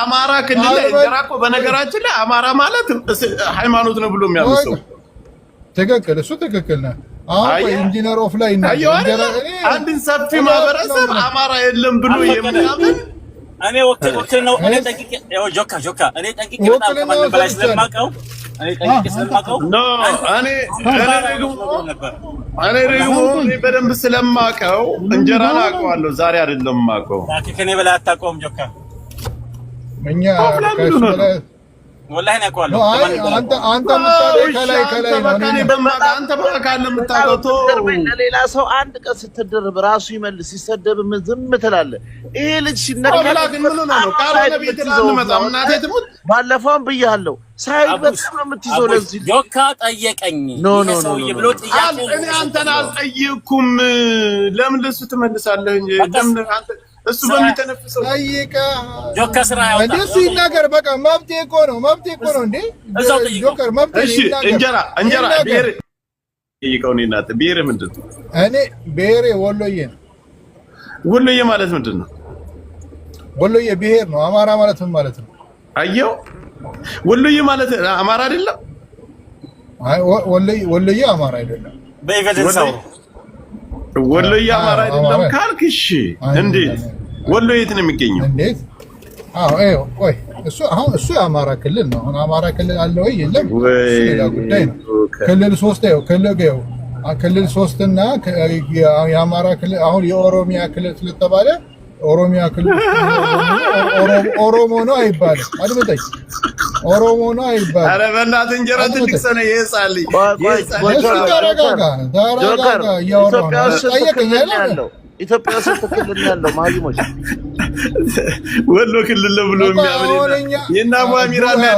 አማራ ክልል ላይ እንጀራ እኮ በነገራችን ላይ አማራ ማለት ሃይማኖት ነው ብሎ የሚያምሰው ትክክል፣ እሱ ትክክል ነህ። አሁን ኢንጂነር ኦፍ ላይ አንድን ሰፊ ማህበረሰብ አማራ የለም ብሎ የሚያምን እኔ ደግሞ በደንብ ስለማውቀው እንጀራን አውቀዋለሁ። ዛሬ አይደለም የማውቀው በላይ አታውቀውም ጆካ እኛ ሌላ ሰው አንድ ቀን ስትደርብ ራሱ ይመልስ ሲሰደብ ምን ዝም ትላለህ? ይሄ ልጅ ሲነካ ባለፈውም ብያለሁ። ሳይበጣም ነው የምትይዘው። ለዚህ ጆካ ጠየቀኝ ብሎ ጥያቄ እኔ አንተን አልጠየኩም። ለምን ለሱ ትመልሳለህ እሱ በሚተነፍሰው ጆከር ስራ ያውጣ እሱ ይናገር። በቃ መብቴ እኮ ነው፣ መብቴ እኮ ነው። እንዴ ጆከር፣ መብቴ ይናገር። እንጀራ እንጀራ ብሔር ጠይቀው። እኔ እናት ብሔር ምንድን ነው? እኔ ብሔሬ ወሎዬ ነው። ወሎዬ ማለት ምንድን ነው? ወሎዬ ብሔር ነው። አማራ ማለት ምን ማለት ነው? አየው፣ ወሎዬ ማለት አማራ አይደለም። አይ ወሎዬ አማራ አይደለም። በይፈልሰው ወሎ እያማራ አይደለም ካልክ፣ እሺ፣ እንዴት ወሎ የት ነው የሚገኘው? እንዴት? አዎ፣ አይ ቆይ፣ እሱ አሁን እሱ የአማራ ክልል ነው። አሁን አማራ ክልል አለ ወይ የለም? ሌላ ጉዳይ ነው። ክልል ሶስት ነው። ክልል ነው ክልል ሶስት እና የአማራ ክልል አሁን የኦሮሚያ ክልል ስለተባለ ኦሮሚያ ክልል ኦሮሞ ነው አይባልም። አድምጠኝ ኦሮሞ ነው አይባል። አረ በእናትህ እንጀራ ትልቅ ሰው ነው። ይሳል ተረጋጋ፣ ተረጋጋ። ኢትዮጵያ ውስጥ ክልል ያለው ማዚሞች ወሎ ክልል ብሎ የሚያምን የና ቧሚራ ና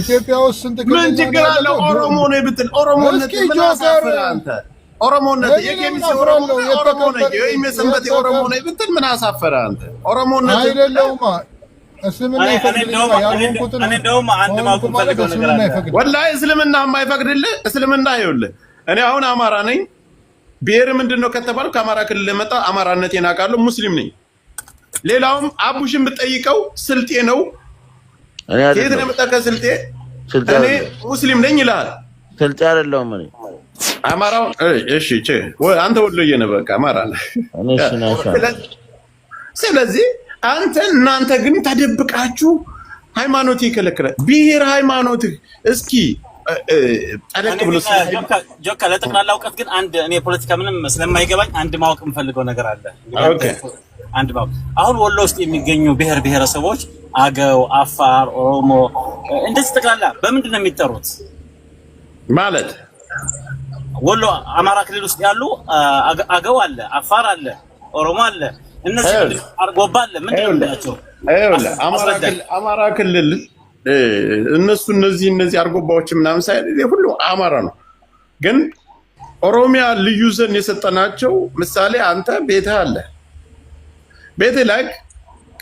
ኢትዮጵያ ውስጥ ስንት ምን ችግር አለው? ኦሮሞ ነው ብትል ኦሮሞነት ምን አሳፍር አንተ ኦሮሞነት የጌሚስ ኦሮሞ ኦሮሞ ነኝ ወይም የሰንበቴ ኦሮሞ ነኝ ብትል ምን አሳፈረ? አንተ ኦሮሞነት አይደለውማ። እስልምና ወላሂ፣ እስልምና የማይፈቅድልህ እስልምና ይኸውልህ፣ እኔ አሁን አማራ ነኝ። ብሔር ምንድን ነው ከተባልኩ ከአማራ ክልል መጣ አማራነቴን አውቃለሁ፣ ሙስሊም ነኝ። ሌላውም አቡሽን ብጠይቀው ስልጤ ነው። ከየት ነው የመጣ? ከስልጤ። እኔ ሙስሊም ነኝ ይልሃል። ስልጤ አይደለሁም እኔ አማራው እሺ፣ አንተ ወሎዬ ነህ፣ በቃ አማራ ስለዚህ አንተ እናንተ ግን ተደብቃችሁ ሃይማኖት ይከለክላል። ብሔር ሃይማኖት እስኪ ጠለቅ ብሎ ጆካ ለጠቅላላ እውቀት ግን አንድ እኔ ፖለቲካ ምንም ስለማይገባኝ አንድ ማወቅ የምፈልገው ነገር አለ። አንድ ማወቅ አሁን ወሎ ውስጥ የሚገኙ ብሔር ብሔረሰቦች አገው፣ አፋር፣ ኦሮሞ እንደዚህ ጠቅላላ በምንድን ነው የሚጠሩት ማለት ወሎ አማራ ክልል ውስጥ ያሉ አገው አለ፣ አፋር አለ፣ ኦሮሞ አለ፣ እነዚህ አርጎባ አለ። ምንድን ናቸው? አማራ ክልል እነሱ እነዚህ እነዚህ አርጎባዎች ምናምን ሳይ ሁሉ አማራ ነው። ግን ኦሮሚያ ልዩ ዘን የሰጠናቸው ምሳሌ አንተ ቤትህ አለ ቤትህ ላይ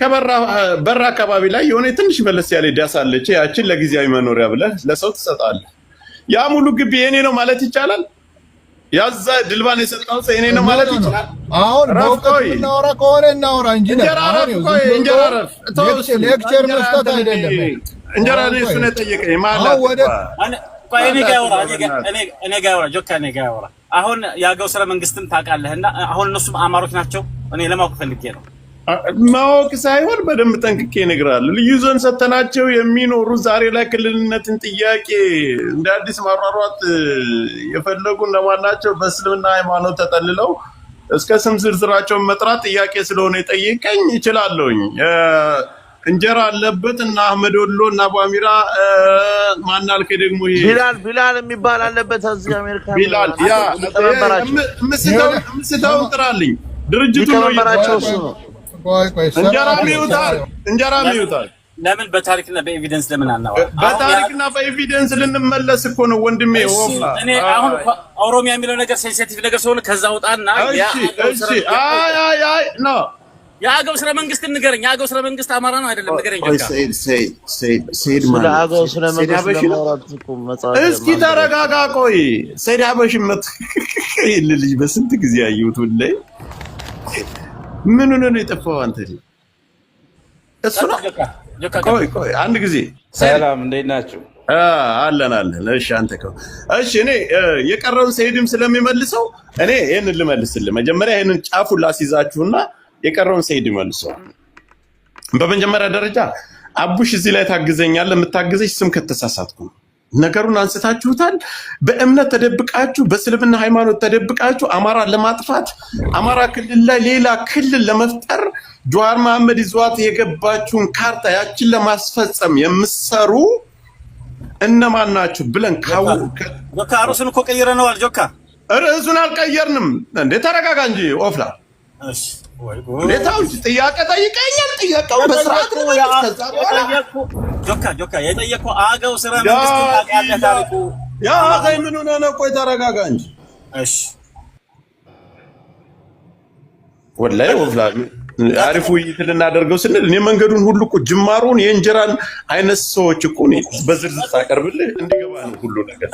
ከበራ አካባቢ ላይ የሆነ ትንሽ መለስ ያለ ዳስ አለች። ያችን ለጊዜያዊ መኖሪያ ብለህ ለሰው ትሰጣለህ። ያ ሙሉ ግቢ የኔ ነው ማለት ይቻላል? ያዛ ድልባን የሰጠው ሰው እኔ ነው ማለት ይችላል። አሁን በእውቀት ከሆነ እናወራ እንጂ ሌክቸር መስጠት አይደለም። እንጀራ ነው እሱ ነው የጠየቀኝ ማለት እኔ ጋር ያወራ ጆካ እኔ ጋር ያወራ። አሁን የአገው ስራ መንግስትን ታውቃለህና አሁን እነሱም አማሮች ናቸው። እኔ ለማወቅ ፈልጌ ነው ማወቅ ሳይሆን በደንብ ጠንቅቄ እነግርሃለሁ። ልዩ ዞን ሰተናቸው የሚኖሩ ዛሬ ላይ ክልልነትን ጥያቄ እንደ አዲስ ማሯሯጥ የፈለጉ እነማን ናቸው? በእስልምና ሃይማኖት ተጠልለው እስከ ስም ዝርዝራቸውን መጥራት ጥያቄ ስለሆነ የጠየቀኝ ይችላለሁኝ። እንጀራ አለበት እና አህመድ ወሎ እና ባሚራ ማናልከ ደግሞ ቢላል ቢላል የሚባል አለበት እዚህ አሜሪካ ቢላል ያ ምስተው ምስተው ጥራልኝ ድርጅቱ ነው እንጀራ ይውጣል። ለምን በታሪክና በኤቪደንስ ለምን አናወራም? በታሪክና በኤቪደንስ ልንመለስ እኮ ነው ወንድሜ። እኔ አሁን ኦሮሚያ የሚለው ነገር ሴንሲቲቭ ነገር ስለሆነ ከዛ ውጣና የአገው ስለ መንግስት ንገረኝ። የአገው ስለ መንግስት አማራ ነው አይደለም? ንገረኝ። እስኪ ተረጋጋ። ቆይ ሰይድ ሀበሽ ልጅ በስንት ጊዜ አየሁት ላይ ምን ነው የጠፋው? አንተ እሱ ነው። ቆይ ቆይ አንድ ጊዜ ሰላም፣ እንዴት ናችሁ? አለን አለን። እሺ አንተ ከው እሺ፣ እኔ የቀረውን ሰይድም ስለሚመልሰው እኔ ይህንን ልመልስልህ። መጀመሪያ ይሄንን ጫፉን ላስይዛችሁና የቀረውን ሰይድ መልሰው። በመጀመሪያ ደረጃ አቡሽ እዚህ ላይ ታግዘኛለህ። የምታግዘች ስም ከተሳሳትኩ ነው ነገሩን አንስታችሁታል። በእምነት ተደብቃችሁ፣ በእስልምና ሃይማኖት ተደብቃችሁ አማራ ለማጥፋት አማራ ክልል ላይ ሌላ ክልል ለመፍጠር ጀዋር መሐመድ ይዟት የገባችውን ካርታ ያችን ለማስፈጸም የምሰሩ እነማን ናችሁ ብለን ጆካ፣ ርዕሱን እኮ ቀይረነዋል። ጆካ፣ ርዕሱን አልቀየርንም እንዴ! ተረጋጋ እንጂ ኦፍላ ሁኔታው ጥያቄ ጠይቀኛል። ጥያቄውን በስርዓት ጆካ የጠየቀው አገው ስራ መንግስት ያ አገኝ ምን ሆነ ነው? ቆይ ተረጋጋ እንጂ እሺ። ወላሂ ወላ አሪፍ ውይይት ልናደርገው ስንል እኔ መንገዱን ሁሉ እኮ ጅማሩን የእንጀራን አይነት ሰዎች እኮ በዝርዝር ታቀርብልህ እንዲገባ ነው ሁሉ ነገር።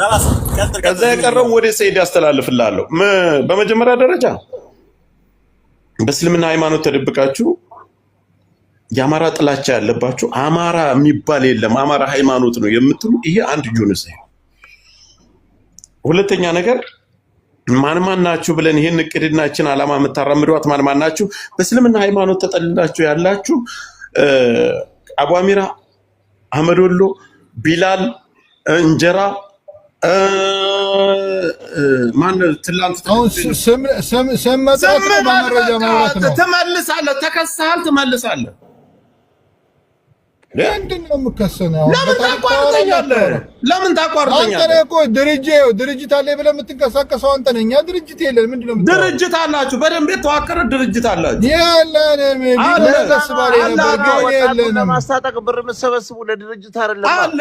ከዛ የቀረው ወደ ሰይድ ያስተላልፍላለሁ። በመጀመሪያ ደረጃ በእስልምና ሃይማኖት ተደብቃችሁ የአማራ ጥላቻ ያለባችሁ አማራ የሚባል የለም አማራ ሃይማኖት ነው የምትሉ ይሄ አንድ ጆንስ። ሁለተኛ ነገር ናችሁ ብለን ይህን እቅድናችን አላማ የምታራምዷት ናችሁ? በእስልምና ሃይማኖት ተጠልላችሁ ያላችሁ አቧሚራ፣ አህመድ ወሎ፣ ቢላል፣ እንጀራ ማነው ትላንት ስም መጥራት መረጃ ማውራት ነው። ትመልሳለህ፣ ተከሰሃል፣ ትመልሳለህ። ምንድን ነው የምከሰነው? ለምን ታቋርጠኛለህ? ለምን ታቋርጠኛለህ? አንተ እኮ ድርጅት ድርጅት አለ ብለህ የምትንቀሳቀሰው አንተ ነህ። እኛ ድርጅት የለን። ምንድን ነው ድርጅት አላችሁ? በደንብ የተዋቀረ ድርጅት አላችሁ? የለንም። ለማስታጠቅ ብር የምትሰበስቡ ለድርጅት አይደለም አለ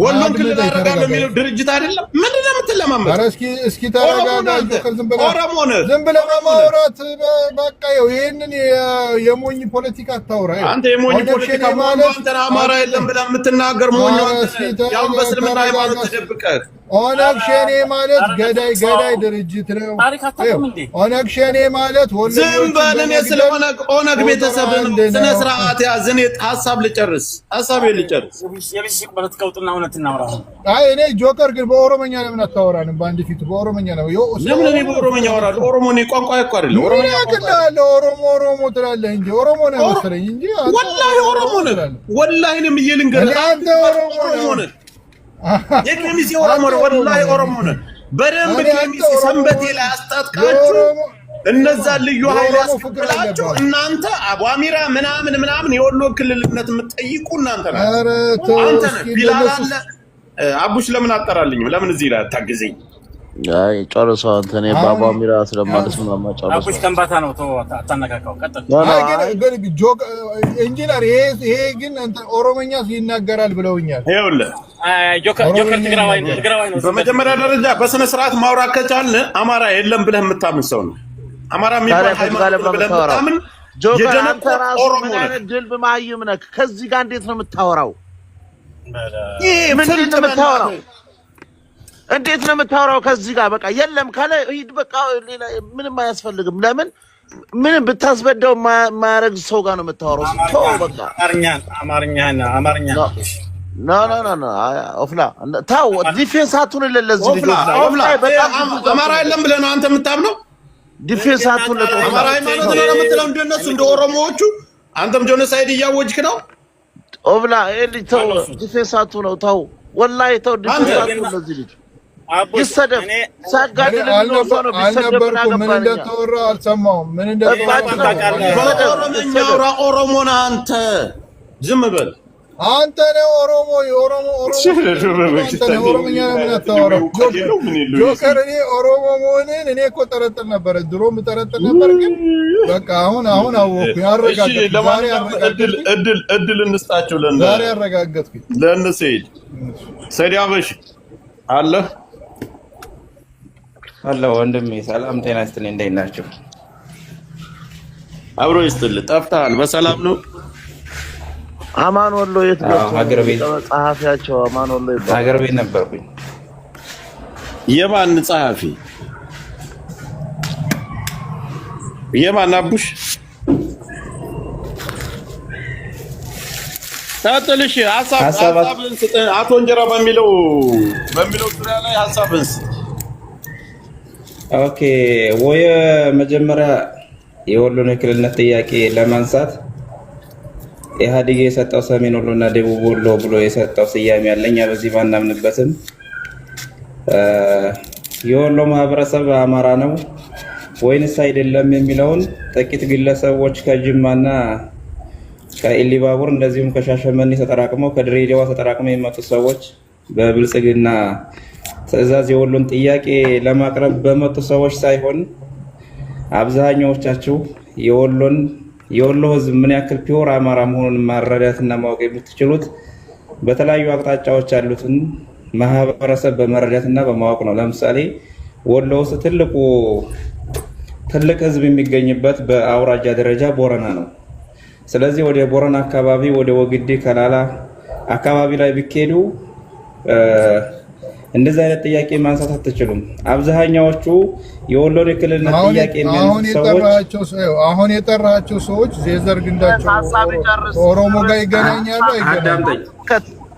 ወሎን ክልል አደርጋለሁ የሚለው ድርጅት አይደለም። ምንድን ነው የምትለማመጥ? ኧረ እስኪ እስኪ ተረጋጋ። ዝም ብለህ በማውራት በቃ ይኸው ይህንን የሞኝ ፖለቲካ አታውራ። አንተ የሞኝ ፖለቲካ አንተን አማራ የለም ብለህ የምትናገር ሞኝ ያው በስልምና ሃይማኖት ተደብቀህ ኦነግ ሸኔ ማለት ገዳይ ገዳይ ድርጅት ነው። ኦነግ ሸኔ ማለት ዝም በል። እኔ ስለ ኦነግ ኦነግ ቤተሰብን ስነ ስርዓት ያዝ። እኔ ሀሳብ ልጨርስ፣ ሀሳብ ልጨርስ። አይ እኔ ጆከር ግን በኦሮመኛ ለምን አታወራንም? በአንድ ፊት በኦሮመኛ ነው። ለምን እኔ በኦሮመኛ አወራለሁ? ኦሮሞ እኔ ቋንቋ እኮ አይደለም። ኦሮሞ ያቅላል። ኦሮሞ ኦሮሞ ትላለህ እንጂ ኦሮሞ ነው መሰለኝ እንጂ ወላሂ ኦሮሞ ነህ። ወላሂ እኔም እየልንገርህ አንተ ኦሮሞ ነህ የኬሚሴ ኦሮሞ ነው። ወላሂ ኦሮሞ ነን በደንብ ኬሚሴ ሰንበቴ ላይ አስታጥቃችሁ እነዛን ልዩ ኃይል ያስከፍላችሁ እናንተ አቧሚራ ምናምን ምናምን የወሎ ክልልነት የምትጠይቁ እናንተ ናችሁ። አንተ ቢላል አለ አቡሽ ለምን አጠራልኝም? ለምን እዚህ ላይ አታግዘኝ? አይ ጨርሶ እንትን ባባ ሚራ ስለማለት ከንባታ ነው። ኢንጂነር ይሄ ግን ኦሮሞኛ ይናገራል ብለውኛል። በመጀመሪያ ደረጃ በስነ ስርዓት ማውራት ከቻልን አማራ የለም ብለህ የምታምን ሰው ነው። አማራ የሚባል ሃይማኖት ብለህ ነህ? ከዚህ ጋር እንዴት ነው የምታወራው? ምንድን ነው የምታወራው? እንዴት ነው የምታወራው? ከዚህ ጋር በቃ የለም ካለ ሂድ በቃ ሌላ ምንም አያስፈልግም። ለምን ምንም ብታስበዳው ማያረግ ሰው ጋር ነው የምታወራው። ተው በቃ አማርኛ አማርኛ ኖ ኦፍላ ታው ዲፌንስ አማራ የለም ብለህ ነው አንተ የምታምነው። ዲፌንስ አትሁንለት አማራ ነው የምትለው እንደነሱ እንደ ኦሮሞዎቹ አንተም እያወጅክ ነው። ኦፍላ ይሄ ልጅ ተው፣ ዲፌንስ ተው፣ ወላሂ ተው፣ ዲፌንስ አትሁን ለዚህ ልጅ ይሰደብ ምን እንደተወራ አልሰማሁም። ምን እንደተወራ ኦሮሞ ነህ አንተ፣ ዝም በል አንተ ነው ኦሮሞ። የኦሮሞ ኦሮሞኛ ጆከር እኔ ኦሮሞ መሆንን እኔ እኮ ጠረጥር ነበረ፣ ድሮም ጠረጥር ነበር። ግን በቃ አሁን አሁን አወኩ። ያረጋእድል እድል እንስጣቸው። ዛሬ ለእነ ሰይድ ሰይድ አበሽ አለህ አለ ወንድሜ፣ ሰላም ጤና ይስጥልኝ። እንዴት ናቸው? አብሮ ይስጥልህ። ጠፍተሃል። በሰላም ነው? አማን ወሎ የት ገብቶ? ሀገር ቤት ጸሐፊያቸው አማን ወሎ ይባላል። ሀገር ቤት ነበርኩኝ። የማን ጸሐፊ? የማን አቡሽ ታጥልሽ ሐሳብ ሐሳብ አቶ እንጀራ በሚለው በሚለው ዙሪያ ላይ ሐሳብህን ስጥ ኦኬ ወይ መጀመሪያ የወሎን የክልልነት ጥያቄ ለማንሳት ኢህአዴግ የሰጠው ሰሜን ወሎና ደቡብ ወሎ ብሎ የሰጠው ስያሜ ያለኛ በዚህ ባናምንበትም የወሎ ማህበረሰብ አማራ ነው ወይንስ አይደለም የሚለውን ጥቂት ግለሰቦች ከጅማና ከኢሊባቡር እንደዚሁም ከሻሸመኔ ተጠራቅመው ከድሬዳዋ ተጠራቅመው የመጡት ሰዎች በብልጽግና ትዕዛዝ የወሎን ጥያቄ ለማቅረብ በመጡ ሰዎች ሳይሆን አብዛኛዎቻችሁ የወሎን የወሎ ህዝብ ምን ያክል ፒዮር አማራ መሆኑን ማረዳትና ማወቅ የምትችሉት በተለያዩ አቅጣጫዎች ያሉትን ማህበረሰብ በመረዳትና በማወቅ ነው። ለምሳሌ ወሎ ውስጥ ትልቁ ትልቅ ህዝብ የሚገኝበት በአውራጃ ደረጃ ቦረና ነው። ስለዚህ ወደ ቦረና አካባቢ ወደ ወግዴ ከላላ አካባቢ ላይ ቢኬዱ እንደዚህ አይነት ጥያቄ ማንሳት አትችሉም። አብዛኛዎቹ የወሎን የክልልነት ጥያቄ አሁን የጠራቸው ሰዎች ዘር ግንዳቸው ኦሮሞ ጋር ይገናኛሉ።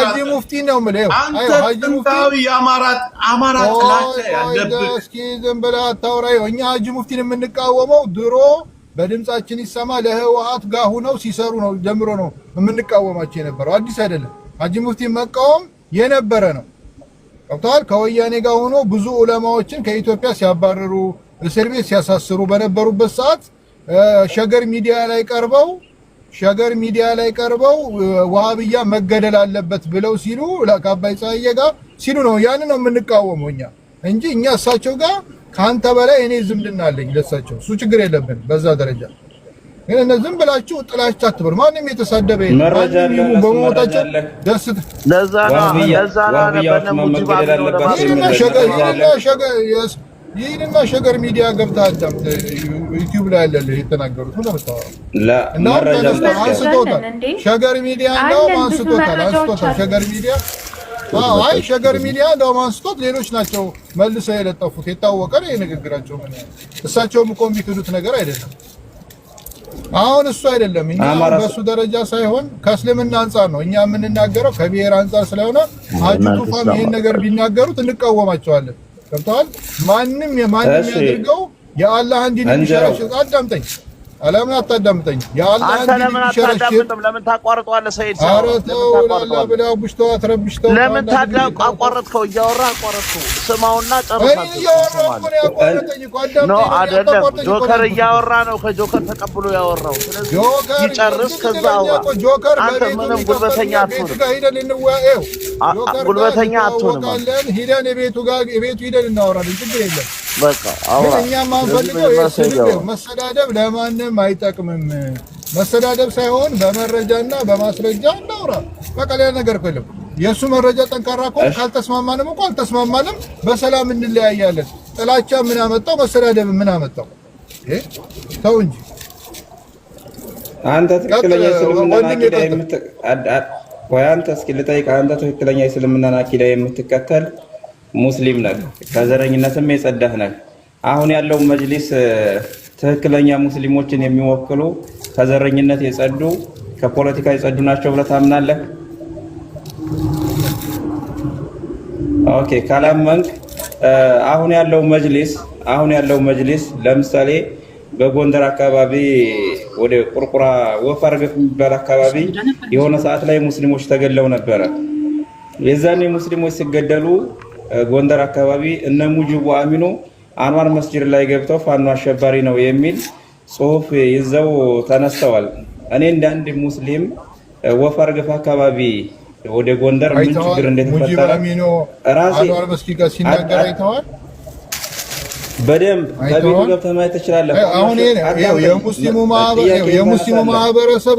ሀጂ ሙፍቲ ነው የምልህ። አንተ ጥንታዊ የአማራ አማራ ጥላቻ ያለብህ እስኪ ዝም ብለህ አታውራ። እኛ ሀጂ ሙፍቲን የምንቃወመው ድሮ በድምጻችን ይሰማ ለህወሓት ጋር ሁነው ሲሰሩ ነው ጀምሮ ነው የምንቃወማቸው የነበረው አዲስ አይደለም። ሀጂ ሙፍቲን መቃወም የነበረ ነው። ገብቶሃል? ከወያኔ ጋር ሆኖ ብዙ ዑለማዎችን ከኢትዮጵያ ሲያባረሩ እስር ቤት ሲያሳስሩ በነበሩበት ሰዓት ሸገር ሚዲያ ላይ ቀርበው ሸገር ሚዲያ ላይ ቀርበው ዋሃብያ መገደል አለበት ብለው ሲሉ ከአባይ ፀሐዬ ጋር ሲሉ ነው። ያን ነው የምንቃወመው እኛ እንጂ እኛ እሳቸው ጋር ከአንተ በላይ እኔ ዝምድና አለኝ ለእሳቸው። እሱ ችግር የለብን በዛ ደረጃ ግን እነ ዝም ብላችሁ ጥላችሁ አትበሉ። ማንም የተሳደበ በመሞታቸው ደስ ለዛ ነው ለዛ ነው በነ ሙጂባ ነው ይህንና ሸገር ሚዲያ ገብታ አዳምጥ። ዩቲዩብ ላይ ያለ የተናገሩት አንስቶታል። ሸገር ሚዲያ እንዳውም አንስቶታል አንስቶታል። ሸገር ሚዲያ አይ ሸገር ሚዲያ እንዳውም አንስቶት ሌሎች ናቸው መልሰው የለጠፉት። የታወቀ ነው የንግግራቸው። ምን እሳቸውም እኮ የሚክዱት ነገር አይደለም። አሁን እሱ አይደለም እኛ በሱ ደረጃ ሳይሆን ከእስልምና አንጻር ነው እኛ የምንናገረው፣ ከብሔር አንጻር ስለሆነ አጁ ቱፋም ነገር ቢናገሩት እንቃወማቸዋለን። ገብተዋል። ማንም የማንም ያድርገው የአላህ እንዲን ይሻላቸው አዳምጠኝ ለምን አታዳምጠኝ? አንተ ለምን አታዳምጥም? ለምን ታቋርጠዋለህ? ሰይድ ለምን አቋረጥከው? እያወራህ አቋረጥከው። ስማውና ጨርሰው። አይደለም ጆከር እያወራ ነው። ከጆከር ተቀብሎ ያወራው ይጨርስ። ከዛ ጆከር አንተ ምንም ጉልበተኛ አትሆንም። ጉልበተኛ አትሆንም። ሂደን የቤቱ ጋር የቤቱ ሂደን እናወራለን። ችግር የለም እኛ ማንፈልገው ይሄ መሰዳደብ ለማንም አይጠቅምም። መሰዳደብ ሳይሆን በመረጃና በማስረጃ እናውራ። በቃ ሌላ ነገር እኮ የለም። የእሱ መረጃ ጠንካራ እኮ ካልተስማማንም እኮ አልተስማማንም፣ በሰላም እንለያያለን። ጥላቻ ምን አመጣው? መሰዳደብ ምን አመጣው? ተው እንጂ አንተ ትክክለኛ እስልምና አቂዳ የምትከተል አንተ እስኪ ልጠይቅህ፣ አንተ ትክክለኛ እስልምና አቂዳ የምትከተል ሙስሊም ነህ፣ ከዘረኝነትም የጸዳህ ነህ። አሁን ያለው መጅሊስ ትክክለኛ ሙስሊሞችን የሚወክሉ ከዘረኝነት የጸዱ ከፖለቲካ የጸዱ ናቸው ብለህ ታምናለህ? ኦኬ ካላመንክ አሁን ያለው መጅሊስ አሁን ያለው መጅሊስ ለምሳሌ በጎንደር አካባቢ ወደ ቁርቁራ ወፋርገት የሚባል አካባቢ የሆነ ሰዓት ላይ ሙስሊሞች ተገለው ነበረ። የዛኔ ሙስሊሞች ሲገደሉ ጎንደር አካባቢ እነ ሙጅቡ አሚኑ አንዋር መስጅድ ላይ ገብተው ፋኖ አሸባሪ ነው የሚል ጽሁፍ ይዘው ተነስተዋል። እኔ እንደ አንድ ሙስሊም ወፋር ግፍ አካባቢ ወደ ጎንደር ምን ችግር እንደተፈጠረ ራሴ በደንብ ከቤቱ ገብተህ ማየት ትችላለህ። አሁን የሙስሊሙ ማህበረሰብ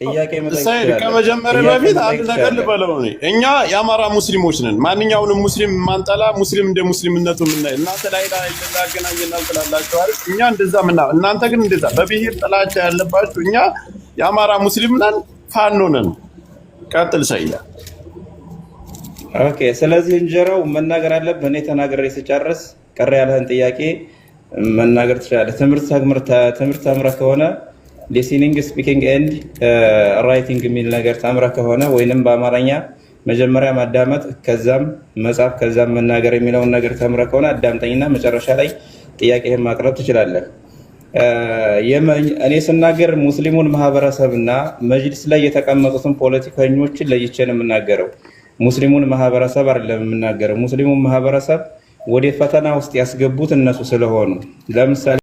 ከመጀመሪያ በፊት አንድ ነገር ልበለው። እኛ የአማራ ሙስሊሞች ነን። ማንኛውንም ሙስሊም ማንጠላ ሙስሊም እንደ ሙስሊምነቱ የምናይ እናንተ ላይ እኛ እንደዛ ምና እናንተ ግን እንደዛ ጥላቻ ያለባችሁ። እኛ የአማራ ሙስሊም ነን፣ ፋኖ ነን። ቀጥል ኦኬ። ስለዚህ እንጀራው መናገር አለብህ። እኔ ተናግሬ ስጨርስ ቅር ያለህን ጥያቄ መናገር ትችላለህ። ትምህርት ተምረህ ከሆነ ሊሲኒንግ ስፒኪንግ ኤንድ ራይቲንግ የሚል ነገር ተምረህ ከሆነ ወይንም በአማርኛ መጀመሪያ ማዳመጥ ከዛም መጻፍ ከዛም መናገር የሚለውን ነገር ተምረህ ከሆነ አዳምጠኝና መጨረሻ ላይ ጥያቄህን ማቅረብ ትችላለህ። እኔ ስናገር ሙስሊሙን ማህበረሰብና መጅልስ ላይ የተቀመጡትን ፖለቲከኞችን ለይቼ ነው የምናገረው። ሙስሊሙን ማህበረሰብ አይደለም የምናገረው። ሙስሊሙን ማህበረሰብ ወደ ፈተና ውስጥ ያስገቡት እነሱ ስለሆኑ ለምሳሌ